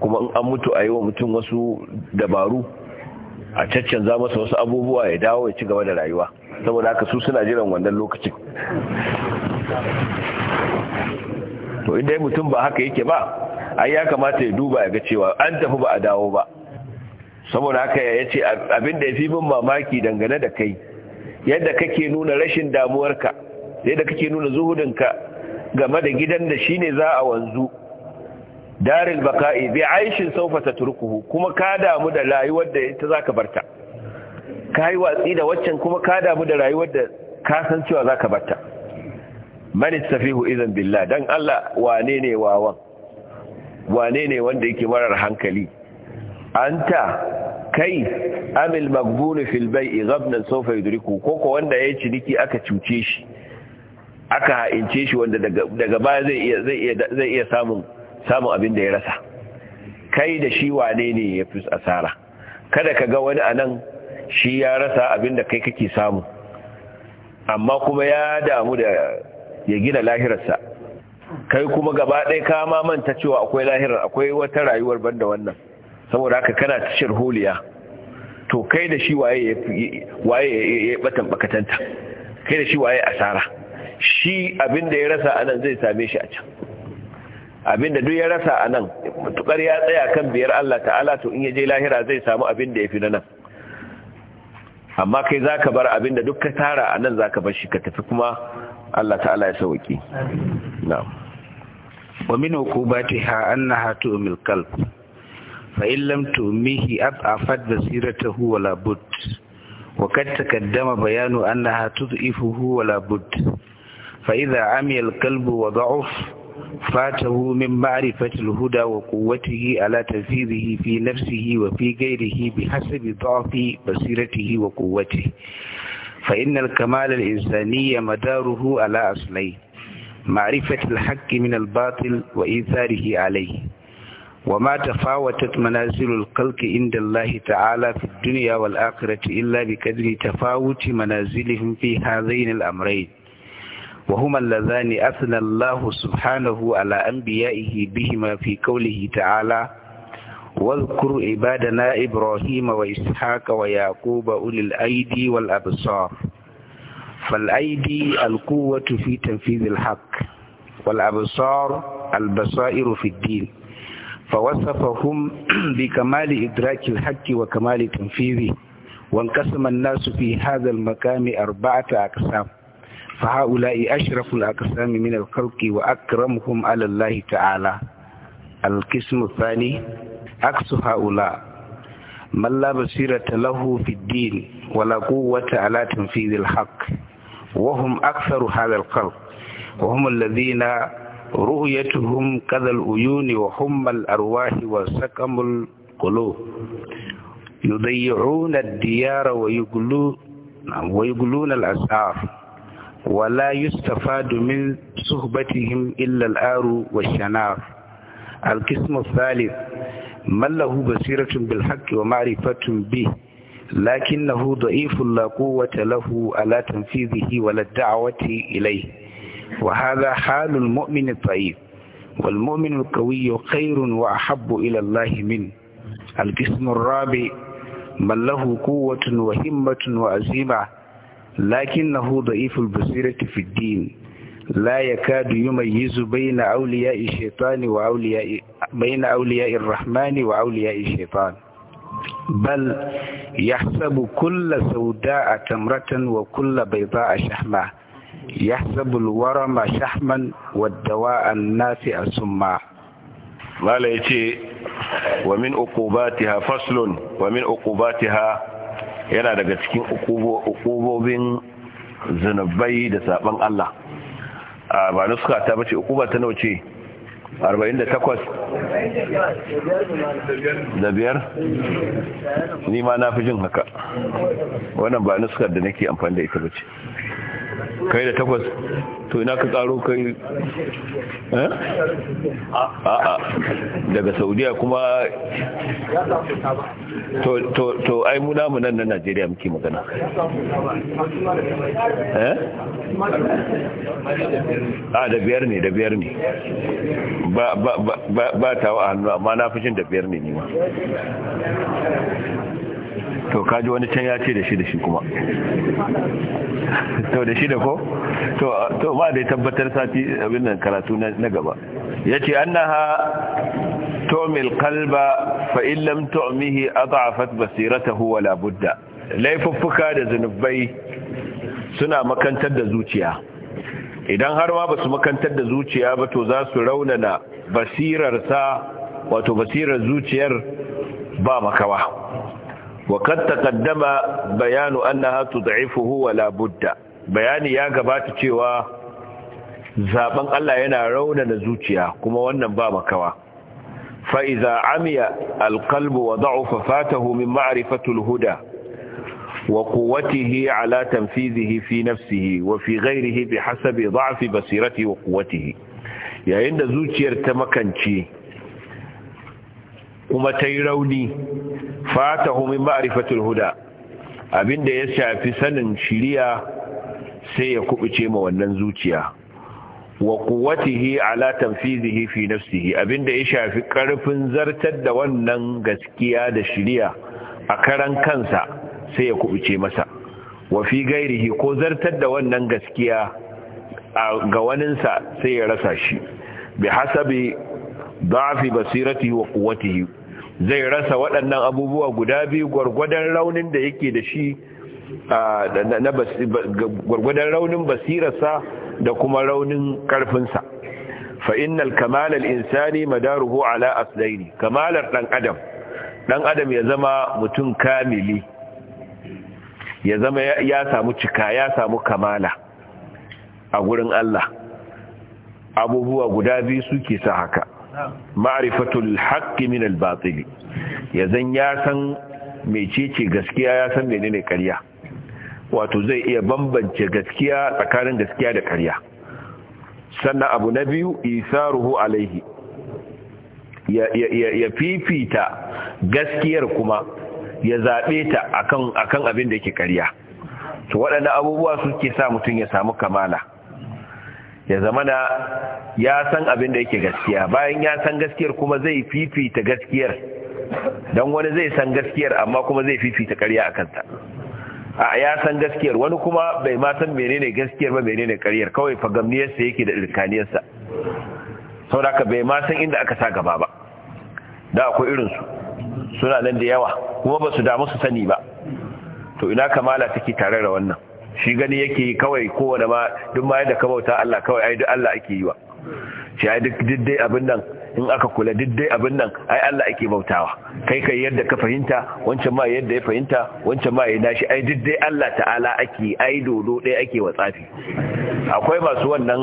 kuma in an mutu a yi wa mutum wasu dabaru a za masa wasu abubuwa ya dawo ya ci gaba da rayuwa saboda haka su suna jiran wannan lokacin to inda mutum ba haka yake ba ai ya kamata ya duba ya ga cewa an tafi ba a dawo ba saboda haka ya ce abin da ya fi bin mamaki dangane da kai yadda kake nuna rashin damuwarka yadda kake nuna zuhudinka game da gidan da shi ne za a wanzu daril baka'i bi aishin sawfa turkuhu kuma ka damu da rayuwar da ita ka barta Ka yi watsi da waccan kuma ka damu da rayuwar da ka san cewa ka barta mani safihu izan billah dan Allah wane ne wawan wane ne wanda yake marar hankali anta kai amil magbuni fil bai'i ghabnan sofa yudriku koko wanda ya ciniki aka cuce shi aka ha'ince shi wanda daga baya zai iya zai iya zai iya samun samun abin da ya rasa kai da shi wane ne ya fi asara kada ka ga wani anan shi ya rasa abin da kai kake samu amma kuma ya damu da ya gina lahirarsa kai kuma gaba ɗaya ka ma manta cewa akwai lahirar akwai wata rayuwar banda wannan saboda haka kana ta sharholiya to kai da shi waye waye ya batan bakatanta kai da shi waye asara shi abin da ya rasa anan zai same shi a can abin da duk ya rasa anan mutukar ya tsaya kan biyar Allah ta'ala to in ya je lahira zai samu abin da fi na nan amma kai zaka bar abin da duk ka tara anan zaka bar shi ka tafi kuma Allah ta'ala ya sauki na'am wa min uqubatiha annaha tu'mil qalb فإن لم تؤميه أضعفت بصيرته ولا بد وقد تقدم بيان أنها تضعفه ولا بد فإذا عمي القلب وضعف فاته من معرفة الهدى وقوته على تنفيذه في نفسه وفي غيره بحسب ضعف بصيرته وقوته فإن الكمال الإنساني مداره على أصلين معرفة الحق من الباطل وإيثاره عليه وما تفاوتت منازل الخلق عند الله تعالى في الدنيا والآخرة إلا بقدر تفاوت منازلهم في هذين الأمرين وهما اللذان أثنى الله سبحانه على أنبيائه بهما في قوله تعالى واذكر عبادنا إبراهيم وإسحاق ويعقوب أولي الأيدي والأبصار فالأيدي القوة في تنفيذ الحق والأبصار البصائر في الدين فوصفهم بكمال إدراك الحق وكمال تنفيذه وانقسم الناس في هذا المقام أربعة أقسام فهؤلاء أشرف الأقسام من الخلق وأكرمهم على الله تعالى القسم الثاني عكس هؤلاء من لا بصيرة له في الدين ولا قوة على تنفيذ الحق وهم أكثر هذا الخلق وهم الذين رؤيتهم كذا العيون وحم الأرواح وسكم القلوب يضيعون الديار ويقلون نعم، ويقلون الأسعار ولا يستفاد من صحبتهم إلا الآر والشنار القسم الثالث من له بصيرة بالحق ومعرفة به لكنه ضعيف لا قوة له على تنفيذه ولا الدعوة إليه وهذا حال المؤمن الضعيف والمؤمن القوي خير وأحب إلى الله منه القسم الرابع من له قوة وهمة وعزيمة لكنه ضعيف البصيرة في الدين لا يكاد يميز بين أولياء الشيطان وأولياء بين أولياء الرحمن وأولياء الشيطان بل يحسب كل سوداء تمرة وكل بيضاء شحمة يحسب الورم شحما والدواء النافع سما ما ليتي ومن عقوباتها فصل ومن عقوباتها yana daga cikin ukubobin zunubai da saban Allah a ba nuska ta bace ukuba ta nauce 48 da biyar ni ma na fi jin haka wannan ba nuskar da nake amfani da ita bace kai da takwas to ina ka tsaro kai eh? a daga saudiya kuma to ai mu namu nan na najeriya muke magana eh? a da biyar ne da biyar ne ba tawa a hannu amma na fi jin da biyar ne ne ma to kaji wani can ya ce da shi da shi kuma to da shi da ko to ba da tabbatar sati abin nan karatu na gaba An annaha Tomil Kalba fa in lam tu'mihi ad'afat basiratahu wala budda laifuffuka da zunubai suna makantar da zuciya idan har ma ba su makantar da zuciya ba to za su raunana basirarsa wato basirar zuciyar ba makawa bayanu An بيان أنها za'ifu ولا بد bayani ya gabata cewa zaben Allah yana raunana zuciya kuma wannan ba makawa fa'iza amiya alkalbu wa da'ufa fatahu min ma'arifatul huda wa kuwatihi ala tanfizihi fi nafsihi wa fi ghairihi bi da'fi basirati wa kuwatihi yayin da zuciyar ta makance kuma ta yi rauni fatahu min ma'arifatul huda abinda ya shafi sanin shiriya sai ya kubuce ma wannan zuciya wa quwwatihi ala tanfizihi fi nafsihi abinda ya shafi karfin zartar da wannan gaskiya da shiriya a karan kansa sai ya kubuce masa wa fi gairihi ko zartar da wannan gaskiya ga waninsa sai ya rasa shi bi hasabi da'fi basiratihi wa quwwatihi zai rasa waɗannan abubuwa guda biyu gwargwadon raunin da yake da shi na gwargwadon raunin basirarsa da kuma raunin karfinsa fa innal kamalar insani madaruhu ala aslaini kamalar ɗan adam Ɗan adam ya zama mutum kamili ya zama ya samu cika ya samu kamala a gurin Allah abubuwa guda biyu suke sa haka ma'rifatul haqqi min al-batil ya zan ya san mecece gaskiya ya san menene ƙarya wato zai iya bambance gaskiya tsakanin gaskiya da ƙarya sannan abu na biyu ruhu alaihi ya fifita gaskiyar kuma ya zaɓe ta kan abin da yake ƙarya to waɗanda abubuwa suke sa mutum ya samu kamala ya zama na ya san abin da yake gaskiya bayan ya san gaskiyar kuma zai fifita gaskiyar don wani zai san gaskiyar amma kuma zai fifita ƙarya a kanta a ya san gaskiyar wani kuma bai ma san menene gaskiyar ba menene ƙaryar kawai fagamniyarsa yake da sa saboda bai ma san inda aka sa gaba ba da akwai su suna nan da yawa kuma ba su damu su sani ba to ina kamala take tare da wannan shi gani yake kawai kowane ma duk ma yadda ka Allah kawai ai duk Allah ake yi wa shi ai duk dai abin nan in aka kula diddai abin nan ai Allah ake bautawa kai kai yadda ka fahimta wancan ma yadda ya fahimta wancan ma ya nashi ai diddai Allah ta'ala ake ai dodo ɗaya ake wa tsafi akwai masu wannan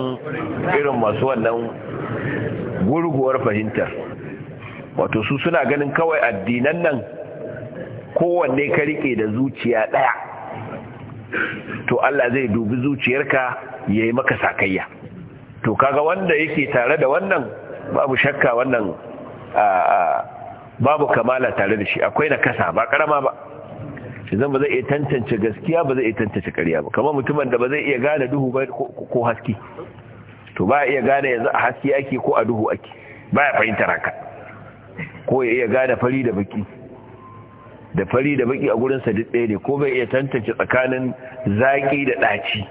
irin masu wannan gurguwar fahimtar wato su suna ganin kawai addinan nan kowanne ka rike da zuciya ɗaya to Allah zai dubi zuciyarka yayi maka sakayya to kaga wanda yake tare da wannan babu shakka wannan babu kamala tare da shi akwai na kasa ba karama ba shi zan ba zai iya tantance gaskiya ba zai iya tantance karya ba kamar mutumin da ba zai iya gane duhu ba ko haske to ba iya gane yanzu a haske ake ko a duhu ake ba ya fahimtar haka ko ya iya gane fari da baki da fari da baki a gurinsa duk ɗaya ne ko bai iya tantance tsakanin zaki da ɗaci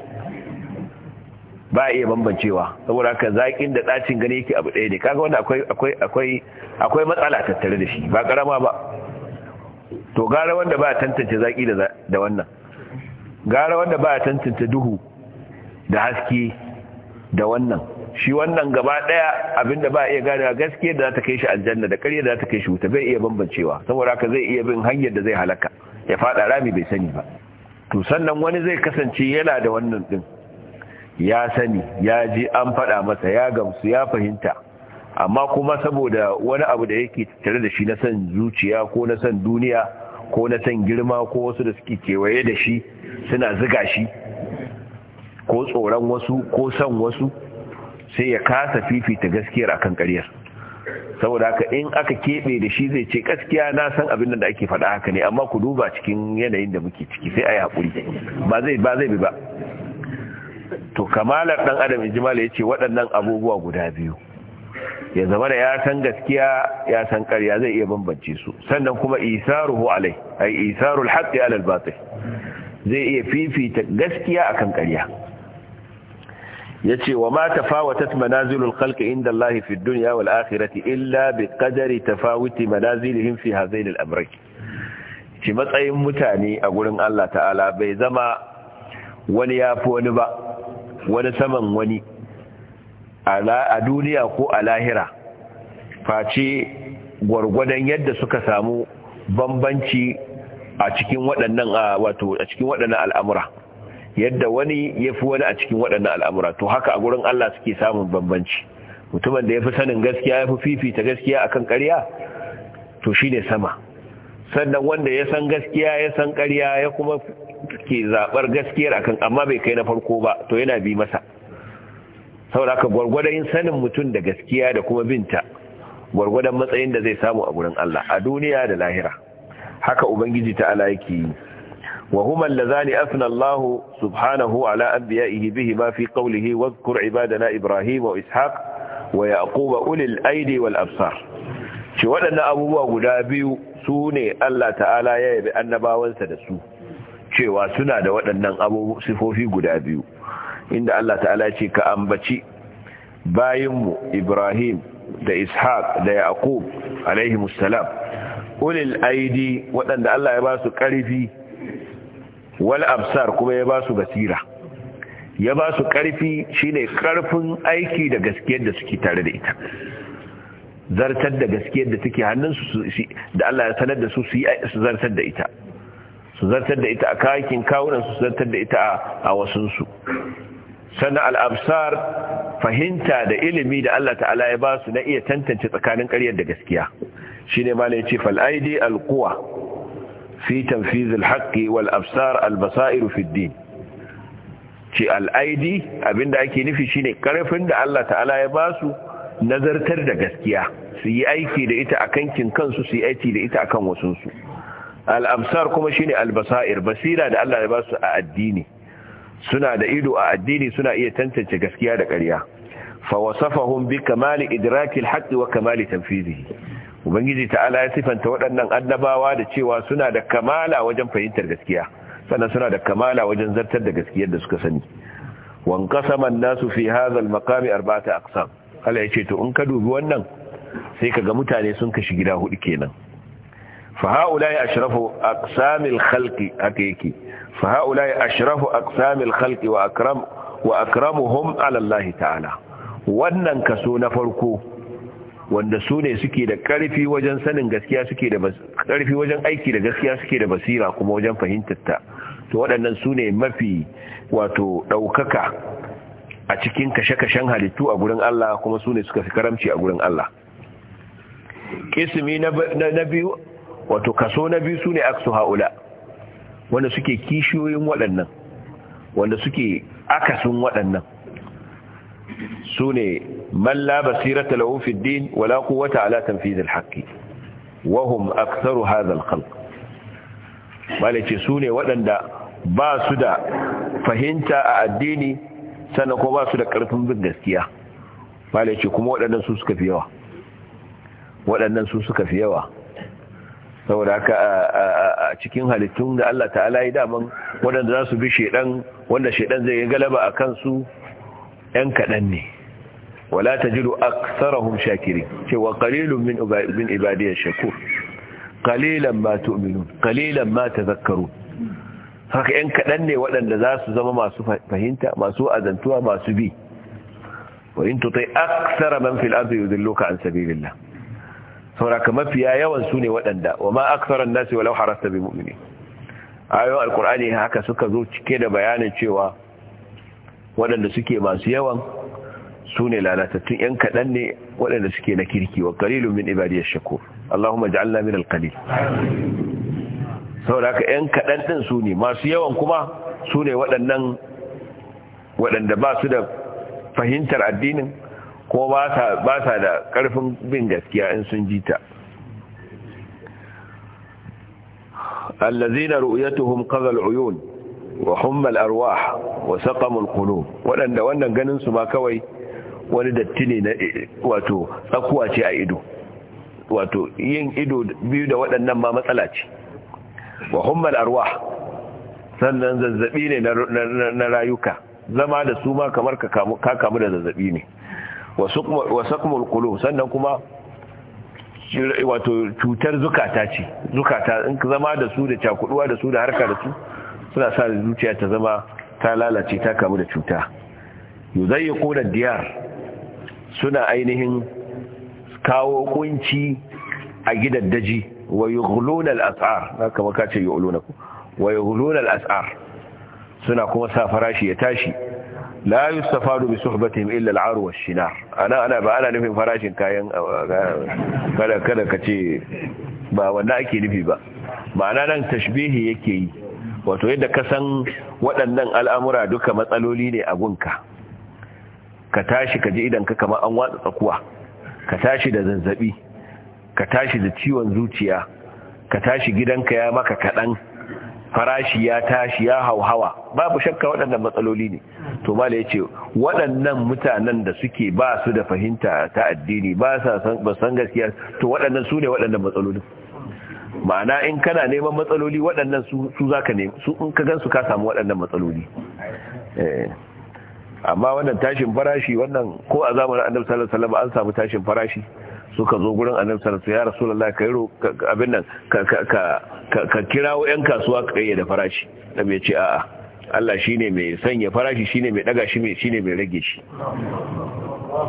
ba iya bambancewa saboda haka zakin da dacin gani yake abu ɗaya ne kaga wanda akwai akwai akwai akwai matsala tattare da shi ba karama ba to gara wanda ba tantance zaki da da wannan gara wanda ba tantance duhu da haske da wannan shi wannan gaba daya abinda ba iya gane gaskiya da za ta kai shi aljanna da ƙarya da za ta kai shi wuta bai iya bambancewa saboda haka zai iya bin hanyar da zai halaka ya fada rami bai sani ba to sannan wani zai kasance yana da wannan din ya sani ya ji an faɗa masa ya gamsu ya fahimta amma kuma saboda wani abu da yake tare da shi na san zuciya ko na san duniya ko na san girma ko wasu da suke kewaye da shi suna ziga shi ko tsoron wasu ko san wasu sai ya kasa fifita gaskiyar akan ƙaryar saboda haka in aka keɓe da shi zai ce gaskiya na san abin da ake faɗa haka ne amma ku duba cikin yanayin da muke ciki sai a yi haƙuri ba zai ba bi ba to kamalar dan adam ijmal yace ce waɗannan abubuwa guda biyu ya zama da ya san gaskiya ya san ƙarya zai iya bambance su sannan kuma isaruhu alai ai isarul haqqi alal batil zai iya fifita gaskiya akan ƙarya yace wa ma tafawatat manazilul khalqi inda Allah fi dunya wal akhirati illa bi tafawuti manazilihim fi hadhain al amrayn ci matsayin mutane a gurin Allah ta'ala bai zama wani ya fi wani ba wani saman wani a duniya ko a lahira face gwargwadon yadda suka samu bambanci a cikin waɗannan wato a cikin waɗannan al'amura yadda wani ya fi wani a cikin waɗannan al'amura to haka a gurin Allah suke samun bambanci mutumin da ya fi sanin gaskiya ya fi fifita gaskiya a kan ƙarya to shi ne sama sannan wanda ya san gaskiya ya san ƙarya ya kuma ke zabar gaskiyar akan amma bai kai na farko ba to yana bi masa saboda haka gwargwadon sanin mutum da gaskiya da kuma binta gwargwadon matsayin da zai samu a gurin Allah a duniya da lahira haka ubangiji ta yake yi wa huma allazani afna Allah subhanahu ala anbiya'ihi bihi ma fi qawlihi wadhkur ibadana ibrahim wa ishaq wa yaquba ulil aidi wal absar shi waɗannan abubuwa guda biyu su ne Allah ta'ala ya yabi annabawansa da su cewa suna da waɗannan abubu sifofi guda biyu inda Allah ta'ala ce ka ambaci bayinmu Ibrahim da Ishaq da Yaqub alaihi musallam ulil aidi waɗanda Allah ya ba su ƙarfi wal absar kuma ya ba su basira ya ba su ƙarfi shine ƙarfin aiki da gaskiyar da suke tare da ita zartar da gaskiyar da take hannunsu da Allah ya sanar da su su zartar da ita su zartar da ita a kayakin kawunan su zartar da ita a wasunsu sannan al'absar fahimta da ilimi da Allah ta'ala ya ba su na iya tantance tsakanin karyar da gaskiya shi ne ma ne ce fal'aidi alkuwa fi tamfizil haƙƙi wal albasairu fiddin ce al'aidi abinda ake nufi shi ne ƙarfin da Allah ta'ala ya ba su nazartar da gaskiya su yi aiki da ita a kankin kansu su yi aiki da ita a kan wasunsu al'amsar kuma shine albasa'ir basira da Allah ya ba su a addini suna da ido a addini suna iya tantance gaskiya da ƙarya fa wasafahum bi kamali idrakil haqqi wa kamali tanfizihi ubangiji ta'ala ya sifanta waɗannan annabawa da cewa suna da kamala wajen fahimtar gaskiya sannan suna da kamala wajen zartar da gaskiyar da suka sani wan qasama an-nasu fi hadha al-maqami arba'ata aqsam Allah ya ce to in ka dubi wannan sai kaga mutane sun kashi gida hudu kenan فهؤلاء أشرف أقسام الخلق حقيقي فهؤلاء أشرف أقسام الخلق وأكرم وأكرمهم على الله تعالى wannan kaso na farko wanda su ne suke da ƙarfi wajen sanin gaskiya suke da ƙarfi wajen aiki da gaskiya suke da basira kuma wajen fahimtarta to waɗannan su ne mafi wato ɗaukaka a cikin kashe-kashen halittu a gurin Allah kuma su ne suka fi karamci a gurin Allah ƙismi na biyu wato kaso na biyu sune aksu haula wanda suke kishiyoyin waɗannan wanda suke akasin waɗannan sune man la basirata lahu fi din wala quwwata ala tanfiz al-haqqi wa hum aktharu hadha al-khalq malace sune waɗanda ba su da fahimta a addini sannan ko ba su da ƙarfin bin gaskiya malace kuma waɗannan su suka fi yawa waɗannan su suka fi yawa saboda haka a cikin halittun da Allah ta'ala ya daman waɗanda za su bi shedan wanda shedan zai yi galaba a kansu ‘yan kaɗan ne wala ta jiru a sarahun shakiri cewa ƙalilun min ibadiyar shakur ƙalilan ma tu'minun ƙalilan ma ta zakaru haka ‘yan kaɗan ne waɗanda za su zama masu fahimta masu azantuwa masu bi wa in tutai aksara man fil ardi yudilluka an sabilillah sauraka mafiya yawan su ne waɗanda wa ma aksaran nasi walau harasta bi mu'mini ayoyin alkur'ani haka suka zo cike da bayanin cewa waɗanda suke masu yawan su ne lalatattun ‘yan kaɗan ne waɗanda suke na kirki wa ƙalilun min ibadiyar shakur Allahumma ja'alna min alƙalil saboda haka ‘yan kaɗan ɗin su ne masu yawan kuma su ne waɗannan waɗanda ba su da fahimtar addinin ko ba sa da karfin bin gaskiya in sun ji ta allazina ru'yatuhum qadhal uyun wa hummal arwah wa saqamul qulub wadanda wannan ganin su ma kawai wani datti ne na wato tsakuwa ce a ido wato yin ido biyu da waɗannan ma matsala ce wa hummal arwah sannan zazzabi ne na rayuka zama da su ma kamar ka kamu da zazzabi ne wa sakmul sannan kuma wato cutar zukata ce zukata in zama da su da cakuduwa da su da harka da su suna sa zuciya ta zama ta lalace ta kamu da cuta zai yi kodar diyar suna ainihin kawo kunci a gidan daji wa yughluna al-as'ar haka maka ce yughluna ku asar suna kuma sa farashi ya tashi la yustafadu bi suhbatihim illa al-ar wa shinar ana ana ba ana nufin farashin kayan kada kada kace ba wanda ake nufi ba ma'ana nan tashbihi yake yi wato yadda ka san waɗannan al'amura duka matsaloli ne a gunka ka tashi ka ji idan ka kama an watsa tsakuwa ka tashi da zazzabi ka tashi da ciwon zuciya ka tashi gidanka ya maka kaɗan farashi ya tashi ya hauhawa babu shakka waɗannan matsaloli ne to mala ya ce waɗannan mutanen da suke ba su da fahimta ta addini ba sa san gaskiya to waɗannan su ne waɗannan matsaloli? ma'ana in kana neman matsaloli waɗannan su za ka nemi su in ka gan su ka samu waɗannan matsaloli eh. amma wannan tashin farashi wannan ko a zamanin annabi sallallahu alaihi wasallam an samu tashin farashi suka zo gurin annabi sallallahu ya wasallam ka yi kai abin nan ka kirawo yan kasuwa ka da farashi da mai ce a'a Allah shi ne mai sanya farashi shi ne mai daga shi mai mai rage shi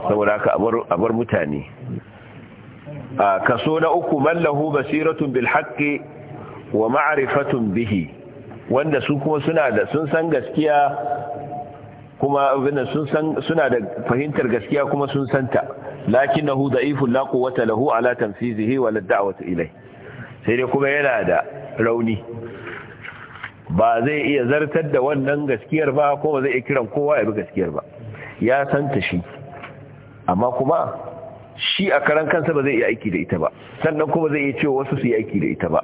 saboda haka a bar mutane kaso na uku mallahu basiratun bil haqqi wa ma'rifatun bihi wanda su kuma suna da sun san gaskiya kuma abin sun san suna da fahimtar gaskiya kuma sun santa lakinnahu da'ifun la quwwata lahu ala tanfizihi wa la ilai sai dai kuma yana da rauni ba zai iya zartar da wannan gaskiyar ba ko ba zai iya kiran kowa ya bi gaskiyar ba ya santa shi amma kuma shi a karan kansa ba zai iya aiki da ita ba sannan kuma zai iya cewa wasu su yi aiki da ita ba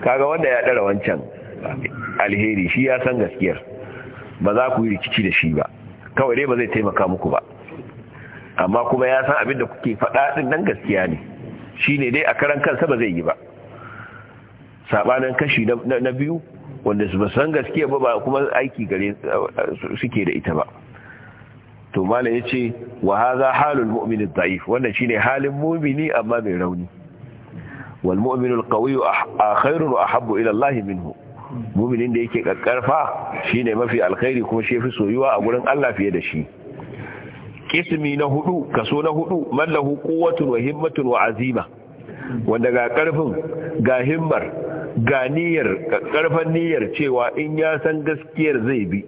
kaga wanda ya dara wancan alheri shi ya san gaskiyar ba za ku yi rikici da shi ba kawai dai ba zai taimaka muku ba amma kuma ya san abin da kuke faɗa ɗin nan gaskiya ne shi ne dai a karan kansa ba zai yi ba saɓanin kashi na biyu wanda su ba san gaskiya ba kuma aiki gare suke da ita ba to mala ya ce wa haza halul mu'minin da'if wannan shine halin mu'mini amma mai rauni wal mu'minul qawiyyu a wa ahabbu ila Allah minhu muminin da yake kakkarfa ne mafi alkhairi kuma shi fi soyuwa a gurin Allah fiye da shi kismi na hudu kaso na hudu mallahu quwwatun wa himmatun wa azima wanda ga karfin ga himmar ga niyyar karfan niyyar cewa in ya san gaskiyar zai bi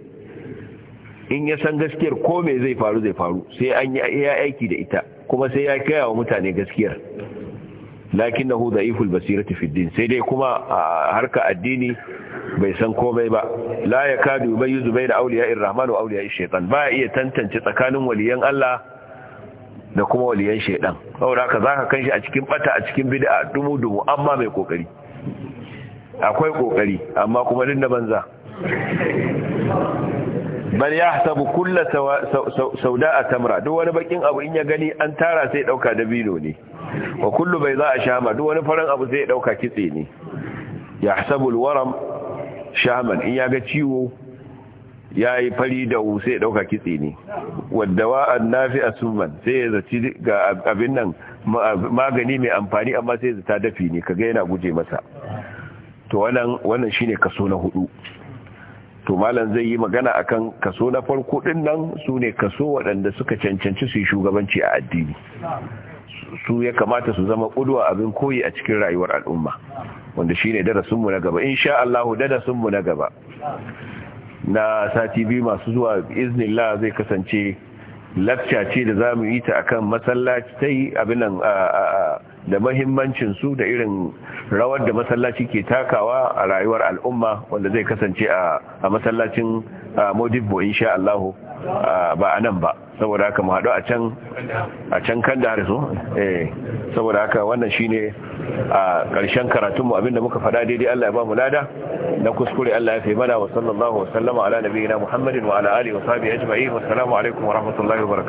in ya san gaskiyar ko me zai faru zai faru sai an yi aiki da ita kuma sai ya kaya wa mutane gaskiyar lakin na basirati fid din sai dai kuma harka addini bai san komai ba la ya kadu bai yuzu bai da auliya irrahman wa auliya shaytan ba iya tantance tsakanin waliyan Allah da kuma waliyan shaytan saboda haka zaka kanshi a cikin bata a cikin bid'a dumu dumu amma mai kokari akwai kokari amma kuma din da banza bal yahsabu kull sawda'a tamra duk wani bakin abu in ya gani an tara sai dauka dabino ne wa kullu bayda'a shama duk wani farin abu sai dauka kitse ne yahsabu alwaram shaman in ya ga ciwo ya yi fari da sai ya ɗauka kitse ne wadda wa'an nafi a suman sai ya zaci ga abin nan magani mai amfani amma sai ya zata dafi ne kaga yana guje masa to wannan shine kaso na hudu to malam zai yi magana akan kaso na farko din nan su ne kaso waɗanda suka cancanci su yi shugabanci a addini su ya kamata su zama kudwa abin koyi a cikin rayuwar al'umma wanda shine darasinmu mu na gaba insha Allah darasin mu na gaba na sati biyu masu zuwa iznillah zai kasance lacca ce da zamu yi ta akan masallaci tai abin nan da mahimmancin su da irin rawar da masallaci ke takawa a rayuwar al'umma wanda zai kasance a masallacin Modibbo insha Allah ba a nan ba saboda haka mu haɗu a can a can kan da harisu eh saboda haka wannan shine a ƙarshen karatunmu abinda muka faɗa daidai Allah ya ba mu lada na kuskure Allah ya fi mana wa sallallahu wa sallama ala nabiyina Muhammadin wa ala alihi wa sahbihi ajma'in wa assalamu alaikum wa rahmatullahi wa barakatuh